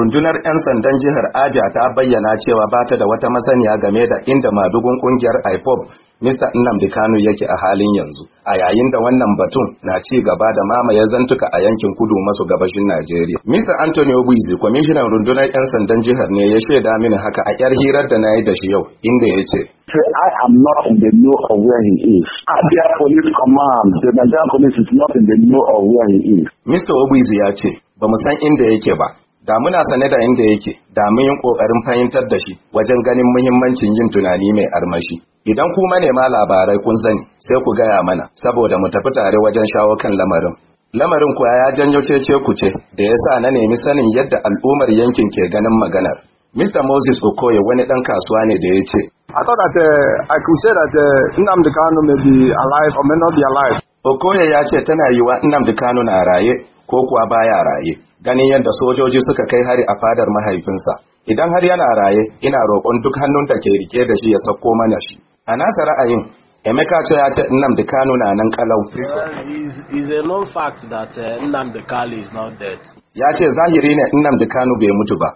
rundunar 'yan sandan jihar aja ta bayyana cewa ba ta da wata masaniya game da inda madugun kungiyar ipop mr nnamdi kanu yake a halin yanzu a yayin da wannan batun na ci gaba da mamaye zantuka a yankin kudu maso gabashin najeriya mr anthony obuizi kwamishinan rundunar 'yan sandan jihar ne ya shaida mini haka a yar hirar da na yi da shi yau inda ya ce I am not in the know of where he is. Abia Police not in the know of where he is. Mr. Obuizi ya ce, ba san inda yake ba, da muna sane da inda yake da mun yi kokarin fahimtar da shi wajen ganin muhimmancin yin tunani mai armashi idan ku manema labarai kun sani sai ku gaya mana saboda mu tafi tare wajen shawo kan lamarin lamarin kuwa ya janyo cece ku ce da ya sa na nemi sanin yadda al'ummar yankin ke ganin maganar Mr. Moses Okoye wani ɗan kasuwa ne da ya ce, I thought that uh, I could say that uh, Nnamdi Kanu may be alive or may not be alive. Okoye ya ce tana yiwa Nnamdi Kanu na raye ko kuwa baya raye ganin yadda sojoji suka kai hari a fadar mahaifinsa idan har yana raye ina roƙon duk hannun da ke rike da shi ya sauko mana shi a nasa ra'ayin Emeka ce ya ce Nnamdi Kanu na nan kalau. Uh, ya ce zahiri ne Nnamdi Kanu bai mutu ba,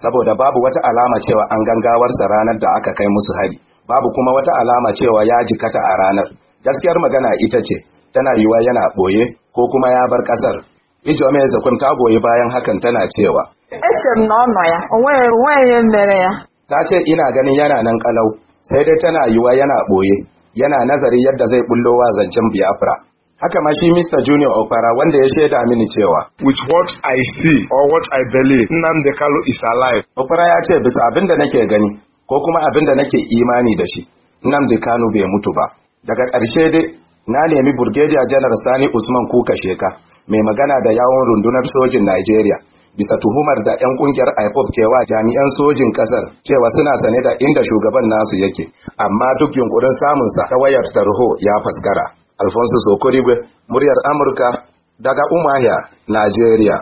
saboda babu wata alama cewa an gangawarsa ranar da aka kai musu hari, babu kuma wata alama cewa ya jikata a ranar. Gaskiyar magana ita ce, tana yiwa yana ɓoye ko kuma ya bar ƙasar Iji Ome Zakun ta goyi bayan hakan tana cewa. Ece m na ya, onwe mere ya. Ta ce ina ganin yana nan kalau, sai dai tana yiwa yana ɓoye, yana nazari yadda zai bullo wa zancen Biafra. Haka ma shi Mr. Junior Okpara wanda ya shaida mini cewa. With what I see or what I believe, Nnamdi Kalu is alive. Okpara ya ce bisa abin da nake gani ko kuma abin da nake imani da shi, Nnamdi Kanu bai mutu ba. Daga ƙarshe dai na nemi Burgeja janar sani usman kuka sheka mai magana da yawon rundunar sojin Nigeria, bisa tuhumar da 'yan kungiyar Ipop kewa jami'an sojin kasar cewa suna sane da inda shugaban nasu yake amma duk yunkurin samunsa ta wayar tarho ya faskara alfonso sokorigwe muryar amurka daga umahia najeriya